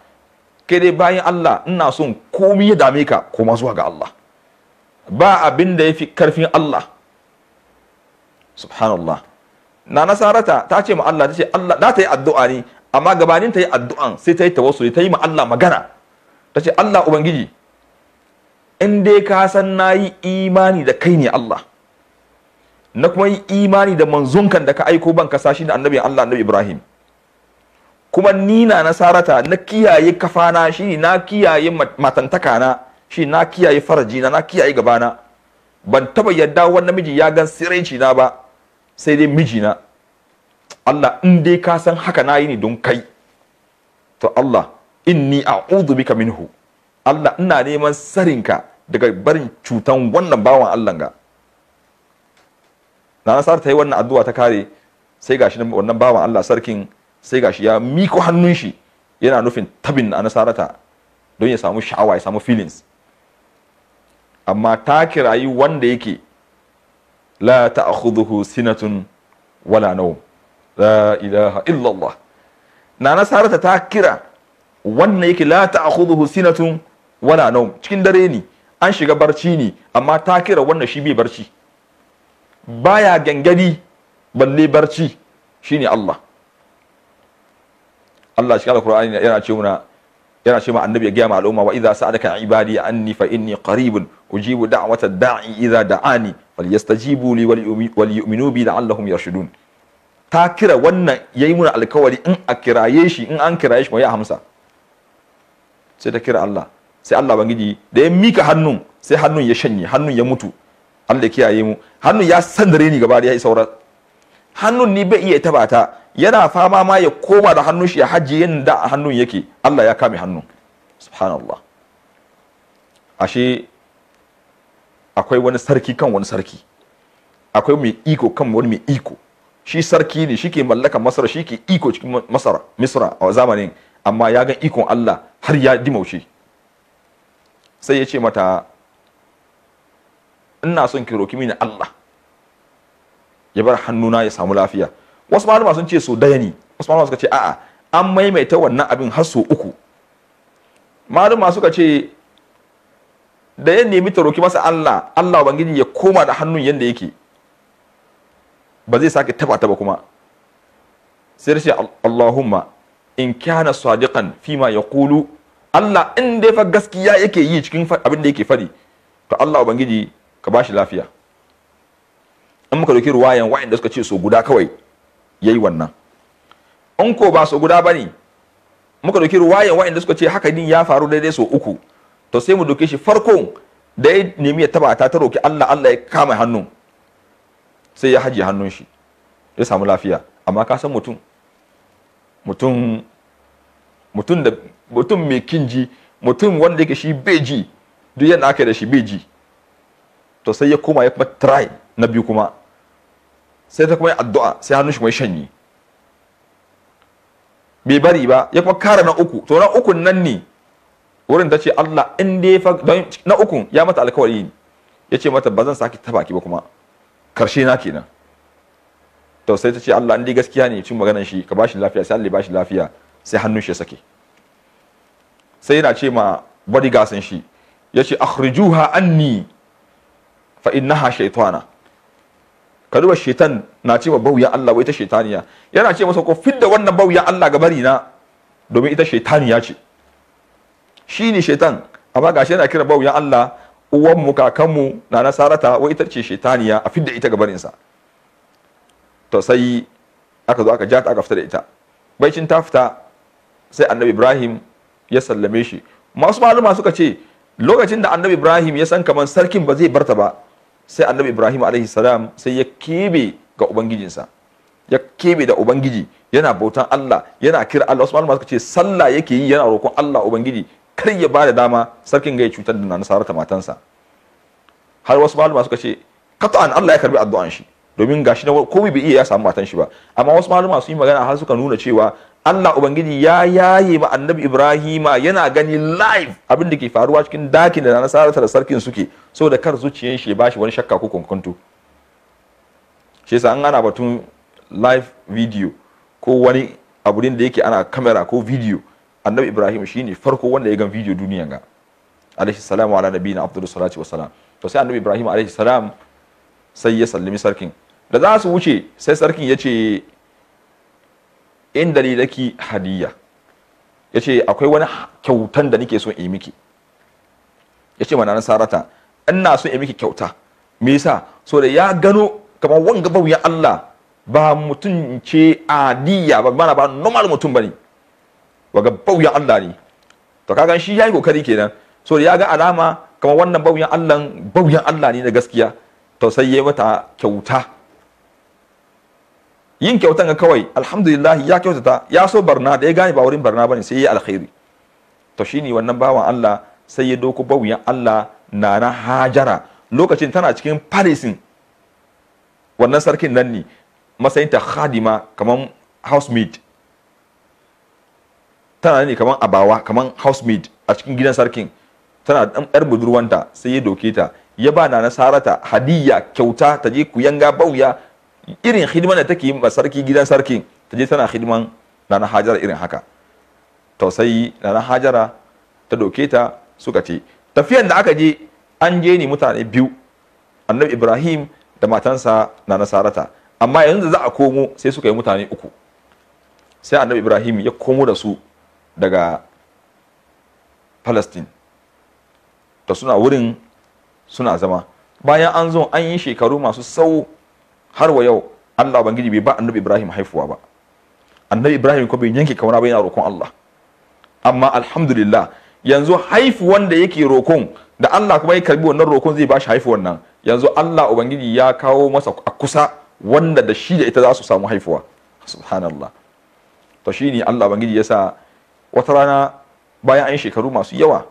[SPEAKER 2] kai dai bayan Allah ina son komi ya dame ka koma zuwa ga Allah ba abin da ya fi karfin Allah subhanallah na nasarata ta ce ma Allah ta ce Allah da ta yi addu'a ne amma gabanin ta yi addu'an sai ta yi tawassuli ta yi ma Allah magana ta ce Allah ubangiji in dai ka san na yi imani da kai ne Allah na kuma yi imani da manzunkan da ka aiko ban ka shi da annabi Allah annabi Ibrahim kuma ni na nasarata na kiyaye kafana shi na kiyaye matantaka na shi na kiyaye farajina na kiyaye gabana ban taba yadda wani namiji ya gan siraici na ba sai dai mijina Allah in dai ka san haka na yi ne don kai to Allah inni a'udhu bika minhu Allah ina neman sarinka daga barin cutan wannan bawan Allah ga na nasar ta yi wannan addu'a ta kare sai gashi wannan bawan Allah sarkin sai gashi ya miko hannun shi yana nufin tabin na nasarata don ya samu sha'awa ya samu filins. amma ta kirayi wanda yake لا تأخذه سنة ولا نوم لا إله إلا الله نانا سارة تاكرا وانا لا تأخذه سنة ولا نوم تكين داريني أنشي برشيني أما تاكرا وانا شبي برشي بايا جنجدي بلي برشي شيني الله الله شكال القرآن يعني yana ce annabi ya gaya ma al'umma wa idza sa'alaka ibadi anni fa inni qaribun ujibu da'wata da'i idza da'ani falyastajibu li wal yu'minu bi la'allahum yarshudun ta kira wannan yayi muna alkawari in a kiraye shi in an kiraye shi mai hamsa sai ta kira Allah sai Allah bangiji da ya mika hannun sai hannun ya shanye hannun ya mutu Allah ya kiyaye mu hannun ya sandare ni gaba da ya saura hannun ni bai iya tabata yana fama ma ya koma da hannun shi ya hajji yin da a hannun yake Allah ya kame hannun subhanallah ashe akwai wani sarki kan wani sarki akwai mai iko kan wani mai iko shi sarki ne shi ke mallaka masara shi ke iko cikin masara misra a zamanin amma ya ga ikon Allah har ya dimaushe sai ya ce mata ina son ki roki mini Allah ya bar hannuna ya samu lafiya wasu malama sun ce so daya ne wasu malama suka ce a'a an maimaita wannan abin har so uku malama suka ce da ya nemi ta roki masa Allah Allah ubangiji ya koma da hannun yadda yake ba zai sake taba taba kuma sai shi Allahumma in kana sadiqan fima yaqulu Allah in dai fa gaskiya yake yi cikin abin da yake fadi to Allah ubangiji ka bashi lafiya in muka dauki ruwayan wa'anda suka ce so guda kawai ya yi wannan in ko ba su guda ba ne. muka dauki ruwayan wa'anda suka ce haka din ya faru daidai so uku to sai mu doke shi farko da ya nemi ya taba ta roki Allah Allah ya kama hannu sai ya haji hannun shi ya samu lafiya amma ka san mutum mutum da mutum mai kinji mutum wanda yake shi beji duk yana aka da shi beji to sai ya koma ya kuma try na biyu kuma sai ta kuma yi addu'a sai hannun shi kuma yi shanye bai bari ba ya kuma kara na uku to na uku nan ne wurin ta ce Allah in dai fa don na ukun ya mata alkawari ya ce mata ba zan saki ta baki ba kuma karshe na kenan to sai ta ce Allah in dai gaskiya ne cin maganar shi ka bashi lafiya sai Allah ya bashi lafiya sai hannun shi ya sake sai yana ce ma bari gasan shi ya ce akhrijuha anni fa innaha shaytana ka duba shaitan na ce wa bauya Allah wai ita shaitaniya yana ce masa ko fidda wannan bauya Allah ga bari na domin ita shaitaniya ce shi ne shaitan amma shi yana kira bauya Allah uwan mu kakanmu na nasarata wai ita ce shaitaniya a fidda ita ga barinsa to sai aka zo aka ja ta aka fita da ita baicin ta fita sai annabi Ibrahim ya sallame shi masu malama suka ce lokacin da annabi Ibrahim ya san kamar sarkin ba zai barta ba sai annabi ibrahim alaihi salam sai ya kebe ga ubangijinsa ya kebe da ubangiji yana bautan Allah yana kira Allah wasu malama suka ce sallah yake yi yana roƙon Allah ubangiji kar ya da dama sarkin ga ya cutar da nasara ta matansa har wasu malama suka ce an Allah ya karbi addu'an shi domin gashi na komai bai iya ya samu matan shi ba amma wasu malama sun yi magana har suka nuna cewa Allah Ubangiji ya yaye ma annabi Ibrahima yana gani live abin da ke faruwa cikin dakin da na sarata da sarkin suke saboda kar zuciyan shi ba shi wani shakka ko kunkuntu shi yasa an ana batun live video ko wani abu da yake ana kamera ko video annabi Ibrahim shine farko wanda ya gan video duniyan ga alaihi salamu ala nabiyina abdul salati wa salam to sai annabi Ibrahim alaihi salam sai ya sallami sarkin da za su wuce sai sarkin ya ce in dalilaki hadiyya ya ce akwai wani kyautan da nike so in miki ya ce mana sarata ina so in miki kyauta me yasa so da ya gano kamar wanga bauyan Allah ba mutum ce adiya ba mana ba normal mutum bane waga bauyan Allah ne to kaga shi ya yi kokari kenan so da ya ga alama kamar wannan bauyan Allah Allah ne na gaskiya to sai ya mata kyauta yin kyautan ga kawai alhamdulillah ya kyautata ya so barna da ya gane ba wurin barna bane sai ya alkhairi to shine wannan bawan Allah sai ya doko bawuyan Allah na na Hajara lokacin tana cikin farisin wannan sarkin nan ne matsayin ta khadima kaman housemaid tana ne kaman abawa kaman housemaid a cikin gidan sarkin tana dan yar budurwanta sai ya doke ta ya ba na Sarata, hadiyya kyauta ta je ku yanga bauya irin hidiman da take yi ma sarki gidan sarkin ta je tana hidiman nana hajara irin haka tausayi nana hajara ta doke ta suka ce tafiyan da aka je an je ne mutane biyu annabi ibrahim da matansa na nasarata amma yanzu za a komo sai suka yi mutane uku sai annabi ibrahim ya komo da su daga palestine da suna wurin suna zama bayan an zo an yi shekaru masu sau har wa yau Allah ubangiji bai ba annabi Ibrahim haifuwa ba annabi Ibrahim ko bai yanke kauna ba yana roƙon Allah amma alhamdulillah yanzu haifu wanda yake roƙon da Allah kuma ya karbi wannan roƙon zai bashi haifuwar nan yanzu Allah ubangiji ya kawo masa a kusa wanda da shi da ita za su samu haifuwa subhanallah to shine Allah ubangiji yasa wata rana bayan an shekaru masu yawa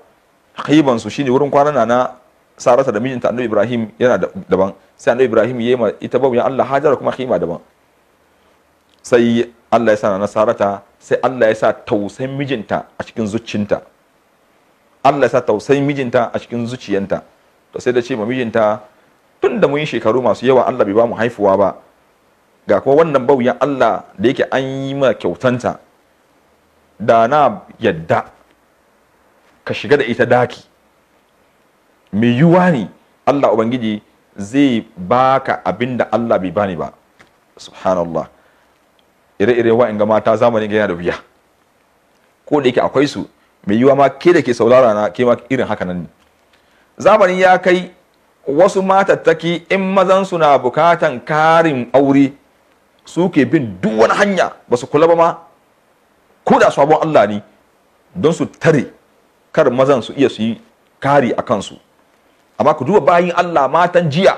[SPEAKER 2] haibansu shine wurin kwana na sarata da mijinta annabi ibrahim yana daban sai annabi ibrahim ya yi ma ita ya allah hajara kuma kima daban sai allah ya sa na sarata sai allah ya sa tausayin mijinta a cikin zuciyanta allah ya sa tausayin mijinta a cikin zuciyanta to sai da ce ma mijinta tun da mun yi shekaru masu yawa allah bai ba mu haifuwa ba ga kuma wannan bawuyan allah da yake an yi ma kyautanta da na yadda ka shiga da ita daki mai yiwuwa ne Allah ubangiji zai baka abin da Allah bai bani ba subhanallah ire-ire wa'in ga mata zamanin gina da wuya ko da yake akwai su mai yiwuwa ma ke da ke saurara na ke ma irin haka nan ne zamanin ya kai wasu matattaki in mazan su na bukatan karin aure su ke bin duk hanya ba su kula ba ma ko da sabon Allah ne don su tare kar mazan su iya su yi kari a kansu amma ku duba bayin Allah matan jiya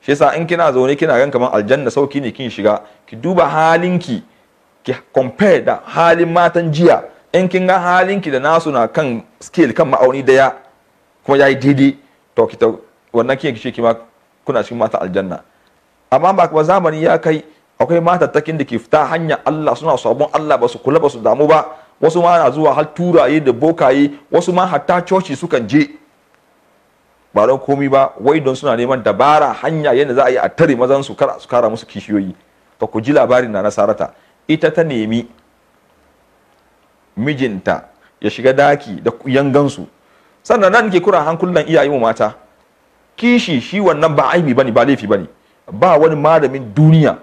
[SPEAKER 2] shi yasa in kina zaune kina gan kamar aljanna sauki ne kin shiga ki duba halinki ki compare da halin matan jiya in kin ga halinki da nasu na kan scale kan ma'auni daya kuma yayi daidai to ki wannan kike ki ma kuna cikin mata aljanna amma ba kuma zamani ya kai akwai takin da ke fita hanyar Allah suna sabon Allah ba su kula ba su damu ba wasu ma na zuwa har turaye da bokaye wasu ma hatta coci sukan je ba don komi ba wai don suna neman dabara hanya yadda za a yi a tare mazan su kar su kara musu kishiyoyi to ku ji labarin na nasarata ita ta nemi mijinta ya shiga daki da yangansu sannan nan ke kura hankulan iyaye mu mata kishi shi wannan ba aibi bane ba laifi bane ba wani malamin duniya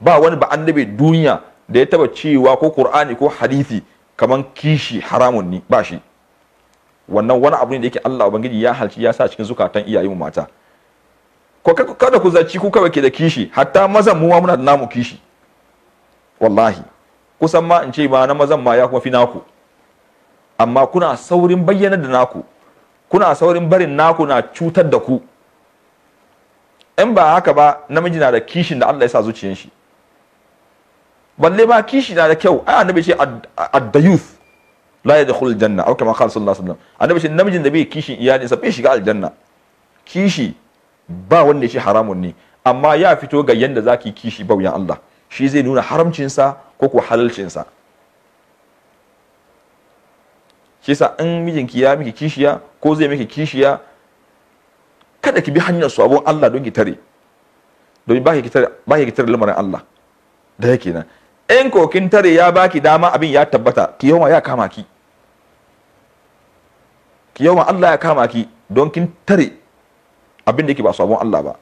[SPEAKER 2] ba wani ba annabi duniya da ya taba cewa ko Kur'ani ko hadisi kaman kishi haramun ne ba shi wannan wani abu ne da yake Allah ubangiji ya halci ya sa cikin zukatan iyayen mata ko kada ku zaci ku kawai ke da kishi hatta mazan mu muna da namu kishi wallahi kusan ma in ce ba na mazan ma ya kuma fi naku amma kuna saurin bayyana da naku kuna saurin barin naku na cutar da ku in ba haka ba namiji na da kishin da Allah ya sa zuciyar shi balle ma kishi na da kyau ai annabi ce ad youth la dakhul janna aw kama qala sallallahu alaihi wasallam annabi shi namijin da bai kishin iyalinsa bai shiga aljanna kishi ba wanda shi haramun ne amma ya fito ga yanda zaki kishi bauyan Allah shi zai nuna haramcinsa ko ko halalcinsa shi an in mijinki ya miki kishiya ko zai miki kishiya kada ki bi hanyar sabon Allah don ki tare don ba ki tare ba ki tare lamarin Allah da yake nan in kokin tare ya baki dama abin ya tabbata ki ya kama ki Ki yau ma Allah ya kama ki don kin tare abin da yake ba sabon Allah ba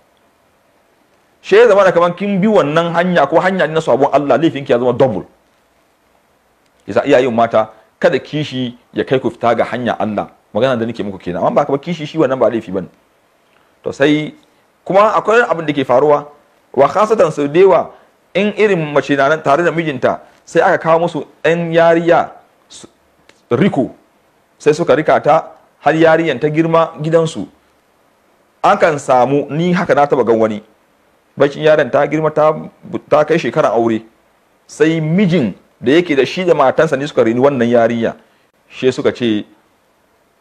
[SPEAKER 2] she ya zama da kaman kin bi wannan hanya ko hanya na sabon Allah laifin ki ya zama double yasa yin mata kada kishi ya kai ku fita ga hanya Allah magana da nake muku kenan amma ba ka ba kishi shi wannan ba laifi bane to sai kuma akwai abin da ke faruwa wa khasatan su dewa in irin mace na tare da mijinta sai aka kawo musu ɗan yariya riko sai suka rika ta har yarinyar ta girma gidansu akan samu ni haka na taba gan wani bakin yaron ta girma ta kai shekara aure sai mijin da yake da shi da matansa ne suka rini wannan yarinya she suka ce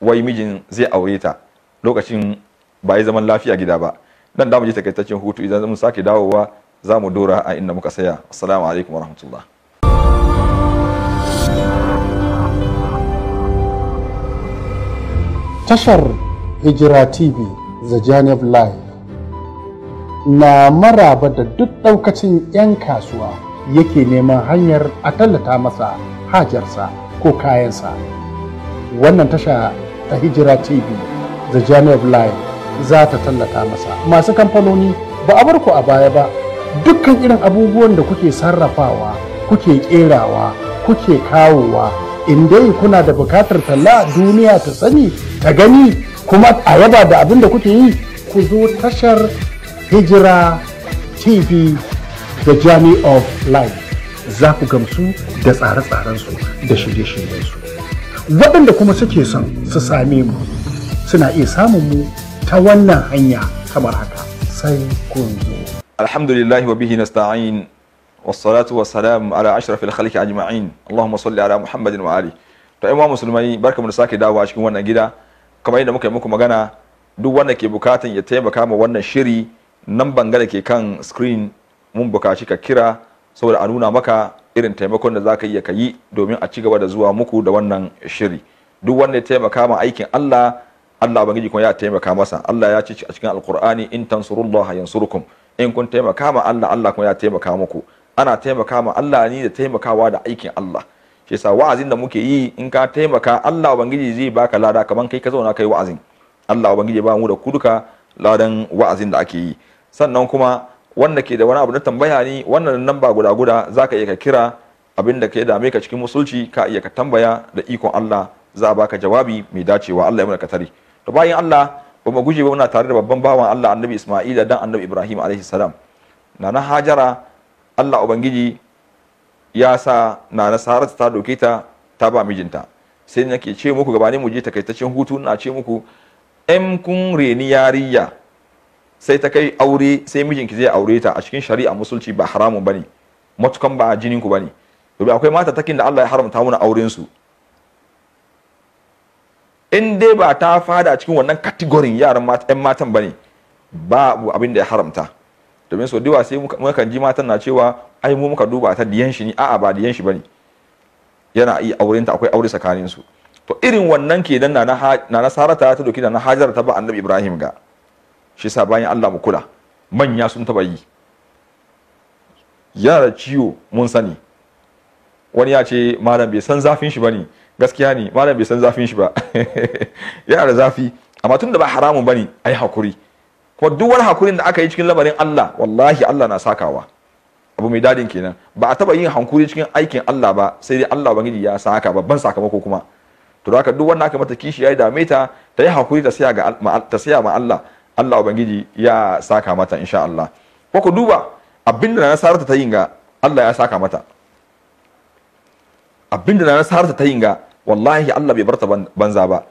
[SPEAKER 2] wai mijin zai aure ta lokacin ba yi zaman lafiya gida ba dan da mu je takaitaccen hutu idan mun sake dawowa za mu dora a inda muka saya assalamu alaikum warahmatullah
[SPEAKER 1] tashar hijira tv the journey of life na maraba da duk daukacin 'yan kasuwa yake neman hanyar a tallata masa hajarsa ko kayansa wannan tasha ta hijira tv the journey of life za ta tallata masa masu kamfanoni ba a barku a baya ba dukkan irin abubuwan da kuke sarrafawa kuke kerawa kuke kawowa in dai kuna da bukatar talla duniya ta sani ta gani kuma a yaba da abin da kuke yi ku zo tashar hijira tv da journey of life za ku gamsu da tsare-tsarensu da shirye-shiryensu waɗanda kuma suke son su same mu suna iya samun mu ta wannan hanya kamar haka sai kun zo
[SPEAKER 2] alhamdulillahi wa bihi nasta'in wasalam ala على أشرف ajma'in allahumma salli ala muhammadin wa ali to ƴan musulmai barkamu da sake dawowa cikin wannan gida kamar yadda muka yi muku magana duk wanda ke bukatan ya taimaka ma wannan shiri nan bangare ke kan screen mun bukaci ka kira saboda a nuna maka irin taimakon da za ka iya ka yi domin a ci gaba da zuwa muku da wannan shiri duk wanda ya taimaka ma aikin Allah Allah bangiji kuma ya taimaka masa Allah ya ce a cikin alkur'ani in tansurullaha yansurukum in kun taimaka ma Allah Allah kuma ya taimaka muku ana taimaka ma Allah ni da taimakawa da aikin Allah shi yasa wa'azin da muke yi in ka taimaka Allah ubangiji zai baka lada kaman kai ka zauna kai wa'azin Allah ubangiji ba mu da kuduka ladan wa'azin da ake yi sannan kuma wanda ke da wani abu na tambaya ni wannan nan ba guda guda zaka iya ka kira abin da ka dame ka cikin musulci ka iya ka tambaya da ikon Allah za a baka jawabi mai dacewa Allah ya muna katari to bayan Allah ba mu guje ba muna tare da babban bawan Allah Annabi Isma'ila dan Annabi Ibrahim alaihi salam na Hajara Allah ubangiji ya sa na nasarar ta doke ta ta ba mijinta sai nake ce muku gabanin mu je takaitaccen hutu na ce muku yan kun reni yariya sai ta kai aure sai mijinki zai aure ta a cikin shari'a musulci ba haramun bane matukan ba jinin ku bane domin akwai mata takin da Allah ya haramta mana auren su in dai ba ta fada cikin wannan kategorin yaran matan matan bane babu abin da ya haramta domin so diwa sai mukan ji matan na cewa ai mu muka duba ta diyan shi ne a'a ba diyan shi bane yana iya auren ta akwai aure tsakanin su to irin wannan ke dan na na sarata ta doki na hajar ta ba annabi ibrahim ga shi sa bayan Allah mu kula manya sun taba yi yana da ciwo mun sani wani ya ce malam bai san zafin shi bane gaskiya ne malam bai san zafin shi ba yana da zafi amma tun da ba haramun bane ai hakuri ko duk wani hakurin da aka yi cikin lamarin Allah wallahi Allah na sakawa abu mai dadin kenan ba a taba yin hankuri cikin aikin Allah ba sai dai Allah bangiji ya saka babban sakamako kuma to haka duk wannan aka mata kishi yayi dame ta ta yi hakuri ta siya ga ta siya ma Allah Allah bangiji ya saka mata insha Allah ko ku duba abinda na sarata ta yin ga Allah ya saka mata abinda na sarata ta yin ga wallahi Allah bai barta banza ba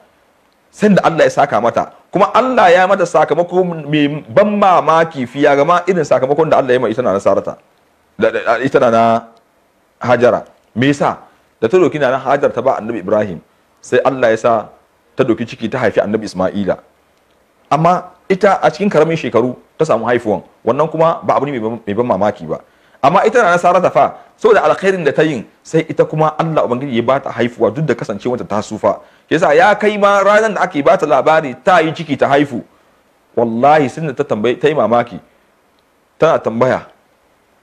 [SPEAKER 2] sai da Allah ya saka mata kuma Allah ya mata sakamako mai ban mamaki fiya gama irin sakamakon da Allah ya mai ita na na hajara me yasa da ta doki na na hajar ta ba annabi Ibrahim sai Allah ya sa ta doki ciki ta haifi annabi Isma'ila amma ita a cikin karamin shekaru ta samu haifuwan wannan kuma ba abu ne mai ban mamaki ba amma ita na nasara ta fa saboda alkhairin da ta yin sai ita kuma Allah ubangiji ya bata haifuwa duk da kasancewanta ta sufa yasa ya kai ma ranar da ake bata labari ta yi ciki ta haifu wallahi sun da ta tambaye ta yi mamaki tana tambaya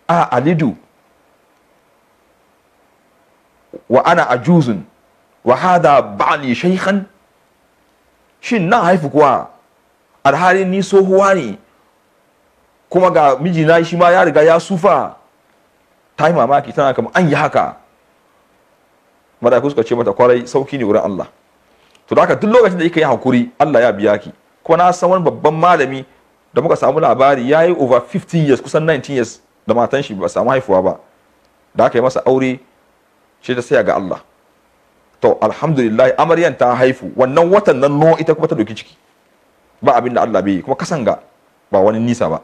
[SPEAKER 2] a alidu wa ana ajuzun wa hada ba'li shaykhan shin na haifu kuwa alhali ni tsohuwa ne kuma ga mijina shi ma ya riga ya sufa ta yi mamaki tana kama an yi haka mala'iku suka ce mata kwarai sauki ne wurin Allah to da haka duk lokacin da kika yi hakuri Allah ya biya ki kuma na san wani babban malami da muka samu labari ya yi over 15 years kusan 19 years da matan shi ba samu haifuwa ba da aka yi masa aure shi ta saya ga Allah to alhamdulillah amaryan ta haifu wannan watan nan no ita kuma ta doki ciki ba abin da Allah bai yi kuma kasan ga ba wani nisa ba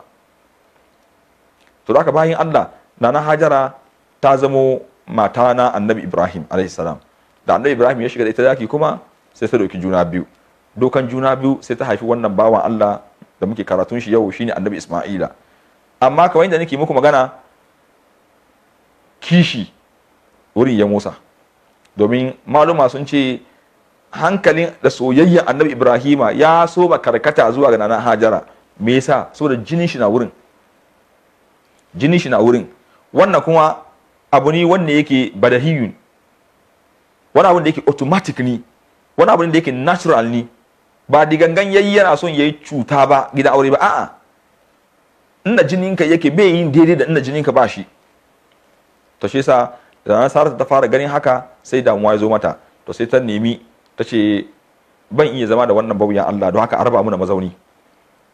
[SPEAKER 2] to da aka bayin Allah nana hajara ta zamo mata na annabi ibrahim alaihissalam da annabi ibrahim ya shiga da ita zaki kuma sai ta doki juna biyu dokan juna biyu sai ta haifi wannan bawan allah da muke karatun shi yau shine annabi isma'ila amma kamar yadda nake muku magana kishi wurin ya musa domin maluma sun ce hankalin da soyayya annabi ibrahima ya so ba karkata zuwa ga nana hajara me yasa saboda jinin shi na wurin jinin shi na wurin wannan kuma abu ne wanda yake badahiyun wani abu da yake automatic ne wani abu da yake natural ne ba digangan yayi yana son yayi cuta ba gida aure ba a'a inda jininka yake bai yin daidai da inda jininka ba shi to shi yasa da Saratu ta fara ganin haka sai damuwa ya zo mata to sai ta nemi ta ce ban iya zama da wannan bauyan Allah don haka a raba da mazauni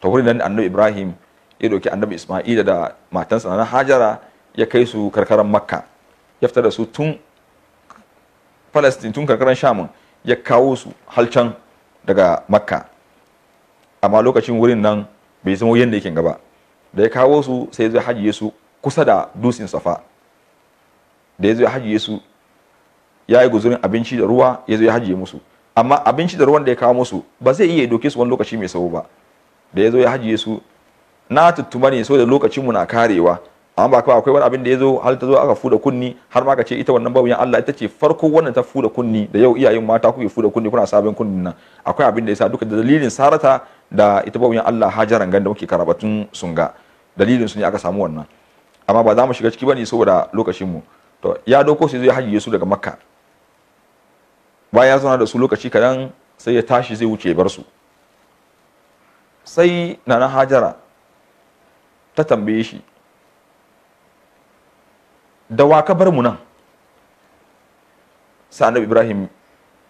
[SPEAKER 2] to wurin nan annabi Ibrahim ya doki annabi Isma'ila da matansa na Hajara ya kai su karkaran makka ya fita da su tun palestine tun karkaran shamun ya kawo su halcan daga makka amma lokacin wurin nan bai zama yadda yake gaba da ya kawo su sai zai hajiye su kusa da dusin safa da ya zo ya hajiye su ya yi guzurin abinci da ruwa ya zai ya hajiye musu amma abinci da ruwan da ya kawo musu ba zai iya doke su wani lokaci mai sabo ba da ya zo ya hajiye su na tuttuma ne da lokacin mu na karewa amma ba kawai akwai wani abin da ya zo har ta zo aka fuda kunni har ma ka ce ita wannan bawuyan Allah ita ce farko wannan ta fuda kunni da yau iyayen mata kuke fuda kunni kuna sabon kunni nan akwai abin da sa duka da dalilin sarata da ita bawuyan Allah hajaran gan da muke karabatun sunga dalilin su ne aka samu wannan amma ba za mu shiga ciki bane saboda lokacin mu to ya doko sai ya hajiye su daga makka bayan ya zauna da su lokaci kadan sai ya tashi zai wuce bar su sai nana hajara ta tambaye shi da wa ka bar mu nan sa da ibrahim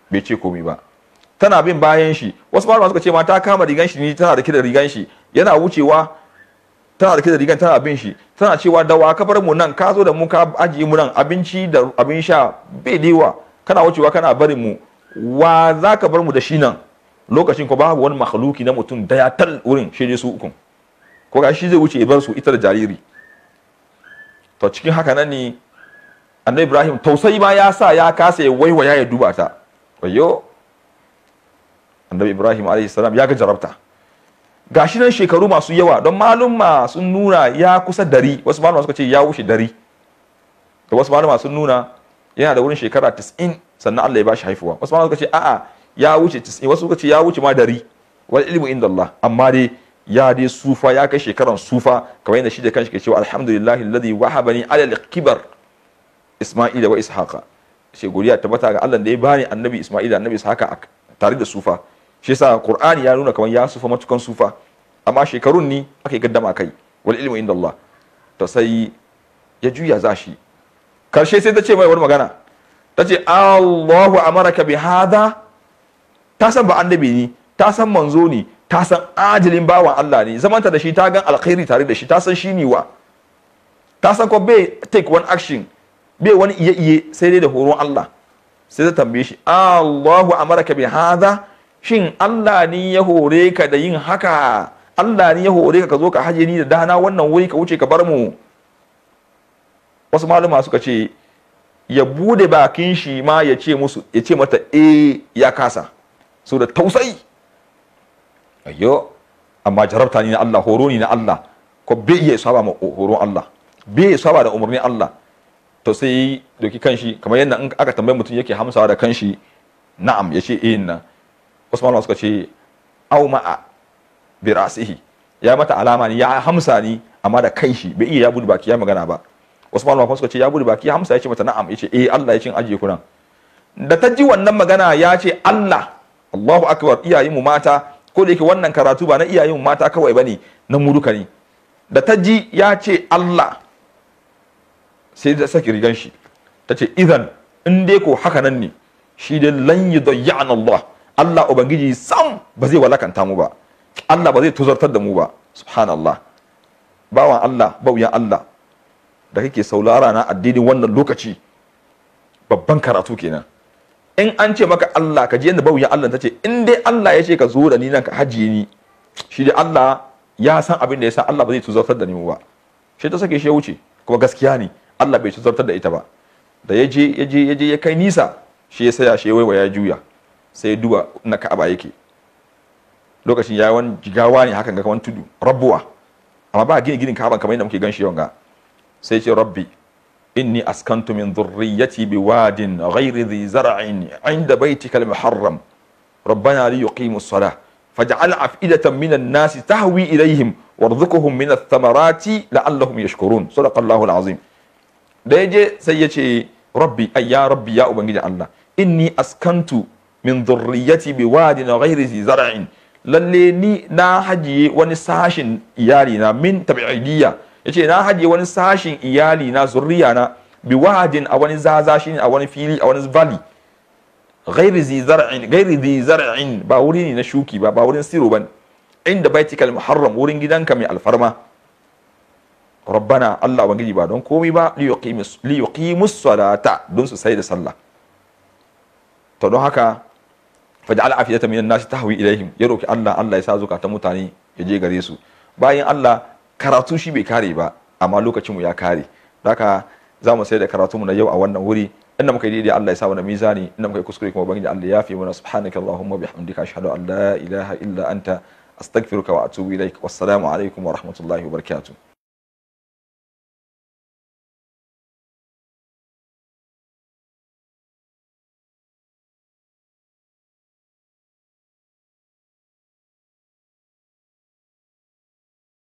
[SPEAKER 2] bai ce komi ba tana bin bayan shi wasu ba suka ce ma ta kama rigan shi ne tana rike da rigan shi yana wucewa tana rike da rigan tana bin shi tana cewa da wa ka bar mu nan ka zo da mu ka ajiye mu nan abinci da abin sha bai daiwa kana wucewa kana bari mu wa za ka bar mu da shi nan lokacin ko babu wani makhluki na mutum daya tal wurin shi su ukun ko ga shi zai wuce ya bar su ita da jariri to cikin haka nan ne annabi ibrahim tausayi ma ya sa ya kasa ya waiwaya ya duba ta wayo annabi ibrahim a.s. ya ga jarabta gashi nan shekaru masu yawa don malumma sun nuna ya kusa dari wasu malumma suka ce ya wuce dari da wasu malumma sun nuna yana da wurin shekara 90 sannan Allah ya bashi haifuwa wasu malumma suka ce a'a ya wuce 90 wasu suka ce ya wuce ma dari wal ilmu inda Allah amma dai ya dai sufa ya kai shekaran sufa kamar yadda shi da kanshi ke cewa alhamdulillahi alladhi wahabani ala al-kibar isma'ila wa ishaqa shi guriya tabbata ga Allah da ya bani annabi isma'ila annabi ishaqa tare da sufa shi yasa qur'ani ya nuna kamar ya sufa matukan sufa amma shekarun ni aka yi gaddama kai wal ilmu inda Allah to sai ya juya za shi karshe sai ta ce mai wani magana ta ce Allahu amaraka bi hada ta san ba annabi ni. ta san manzo ni. ta san ajilin bawan Allah ne zamanta da shi ta gan alkhairi tare da shi ta san shi ne wa ta san ko bai take one action bai wani iye iye sai dai da horon Allah sai ta tambaye shi Allahu amaraka bi hadha shin Allah ne ya hore ka da yin haka Allah ne ya hore ka ka zo ka haje ni da dana wannan wuri ka wuce ka bar mu wasu malama suka ce ya bude bakin shi ma ya ce musu ya ce mata eh ya kasa so da tausayi ayyo amma jarabta ni na Allah horo ni na Allah ko bai iya saba ma horon Allah bai iya saba da umarnin Allah to sai doki kanshi kamar yadda in aka tambaye mutum yake hamsawa da kanshi na'am ya ce eh na Usman malama suka ce au ma'a bi rasihi ya mata alama ne ya hamsa ni amma da kanshi bai iya ya budi baki ya magana ba wasu Allah suka ce ya budi baki ya hamsa ya ce mata na'am ya ce eh Allah ya cin ajiye kuran da ta ji wannan magana ya ce Allah Allahu akbar iyayen mu mata ko da yake wannan karatu ba na iyayen mata kawai bane na muduka ne da ta ji ya ce Allah sai ta saki rigan shi ta ce idan in dai ko haka nan ne shi dai lan yudayyana Allah Allah ubangiji sam ba zai walakanta mu ba Allah ba zai tuzartar da mu ba subhanallah bawan Allah bauyan Allah da kake saulara na addinin wannan lokaci babban karatu kenan in an ce maka Allah ka je yadda bawuyan Allah ta ce in dai Allah ya ce ka zo da ni nan ka ya ni shi dai Allah ya san abin da ya sa Allah ba zai tuzartar da ni ba shi ta sake shi ya wuce kuma gaskiya ne Allah bai tuzartar da ita ba da ya je ya je ya je ya kai nisa shi ya saya shi ya ya juya sai duba na Ka'aba yake lokacin ya wani jigawa ne hakan ga wani tudu rabuwa amma ba gini ginin kaban kamar yadda muke gan shi yawan ga sai ce rabbi إني أسكنت من ذريتي بواد غير ذي زرع عند بيتك المحرم ربنا ليقيموا الصلاة فاجعل أفئدة من الناس تهوي إليهم وارزقهم من الثمرات لعلهم يشكرون صدق الله العظيم دايجي سيجي ربي أي يا ربي يا أبنجي الله إني أسكنت من ذريتي بواد غير ذي زرع للي ni na hajiye من تبعيدية yace na haje wani sashin iyali na zuriya na bi wahadin a wani zaza shine a wani fili a wani valley ghairi ba wuri ne na shuki ba ba wurin siro bane inda baitikal muharram wurin gidanka mai alfarma rabana Allah ubangiji ba don komai ba li yuqimus salata don su sai da sallah to don haka faj'al afiyatan minan nasi tahwi ilaihim ya roki Allah Allah ya sa zukatan mutane ya je gare su bayan Allah karatu shi bai kare ba amma lokacin mu ya kare haka za mu sai da mu na yau a wannan wuri inda muka yi daidai Allah ya sa wani mizani inda muka yi kuskure kuma ubangiji Allah ya fi mana subhanaka allahumma bihamdika ashhadu an la ilaha illa anta astaghfiruka wa atubu ilaik wassalamu alaikum wa rahmatullahi wa barakatuh